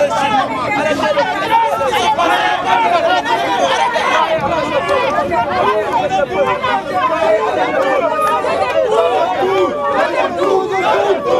Tudo, tudo, tudo, tudo.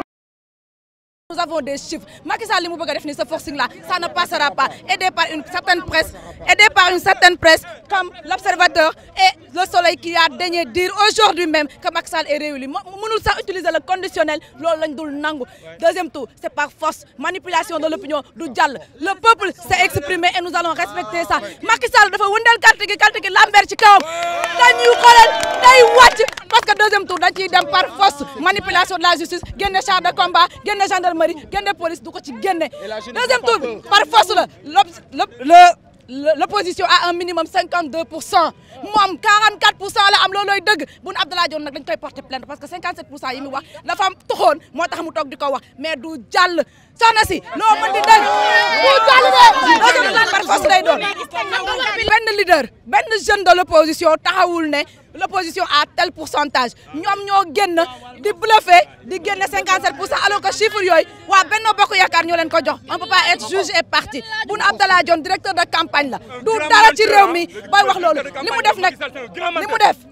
des chiffres Macky Sall ce forcing là ça ne passera pas aidé par une certaine presse aidé par une certaine presse comme l'Observateur et le soleil qui a daigné dire aujourd'hui même que Macky est réélu nous sa utiliser le conditionnel Le deuxième tour c'est par force manipulation de l'opinion du Djal. le peuple s'est exprimé et nous allons respecter ça Macky Sall dafa wëndeel carte gi carte gi lamber ci parce que deuxième tour dañ y dem par force manipulation de la justice Il char de combat chars gendarmerie combat, police du ko ci deuxième tour par force le l'opposition a un minimum 52 moi 44 là, la am loolooy dëgg Boun Abdallah dañ porter plainte parce que 57 je suis yi mu wax dafa am toxoon moo tax mais du soxna si loo mën di dégg bu taalibe loo jëm lan par force lay doon Ben leader ben jeune de l'opposition taxawul ne l'opposition a tel pourcentage ñoom ñoo génn di bluffé di génne 57 pour cent alors que chiffre yoy, wa Benno Bokk Yaakaar ñoo leen ko jox on peut pas être juge et parti Boun Abdallah Dionne directeur de campagne la du dara ci réew mi booy wax loolu li mu def nag li mu def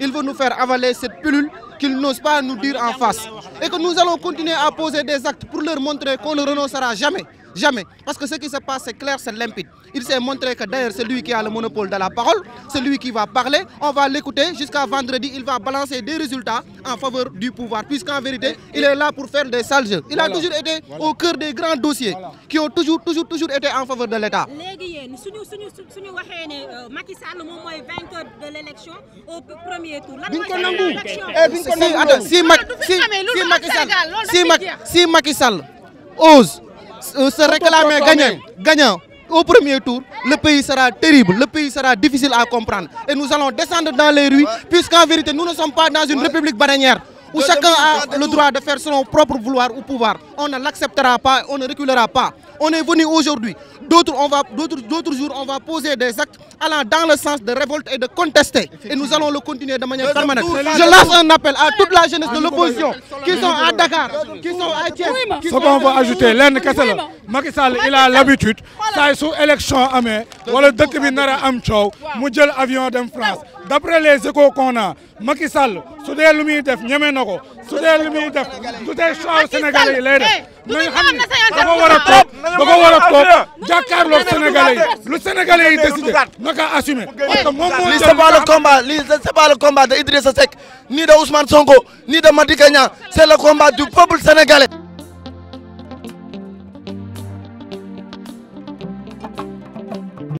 Ils vont nous faire avaler cette pilule qu'ils n'osent pas nous dire en face. Et que nous allons continuer à poser des actes pour leur montrer qu'on ne renoncera jamais. Jamais. Parce que ce qui se passe, c'est clair, c'est limpide. Il s'est montré que d'ailleurs, c'est lui qui a le monopole de la parole, c'est lui qui va parler. On va l'écouter jusqu'à vendredi. Il va balancer des résultats en faveur du pouvoir, puisqu'en vérité, il est là pour faire des sales jeux. Il a toujours été au cœur des grands dossiers qui ont toujours, toujours, toujours été en faveur de l'État. de l'élection au premier tour. Si Macky Sall ose se euh, réclamer gagnant, gagnant au premier tour, le pays sera terrible, le pays sera difficile à comprendre. Et nous allons descendre dans les rues, puisqu'en vérité, nous ne sommes pas dans une république bananière où chacun a le droit de faire son propre vouloir ou pouvoir. On ne l'acceptera pas, on ne reculera pas. On est venu aujourd'hui. D'autres, jours, on va poser des actes allant dans le sens de révolte et de contester. Et nous allons le continuer de manière permanente. Je lance un appel à toute la jeunesse de ah, l'opposition qui sont à Dakar, qui sont à Thiès. Ce qu'on va ajouter, l'un Kessel, Macky Sall, il a l'habitude, ça est sous élection amé, voilà, dès que de il un avion de France. d'après les échos qu'on a su dee lu muy def ñeme na su dee lu muy def du tey choix sénégalais yi lay eh, lu sénégalais yi décidé naka assumer parce lii c'est pas le combat lii c'est pas le combat de Idrissa Seck ni de Ousmane Sonko ni de Madické Niang c'est le combat du peuple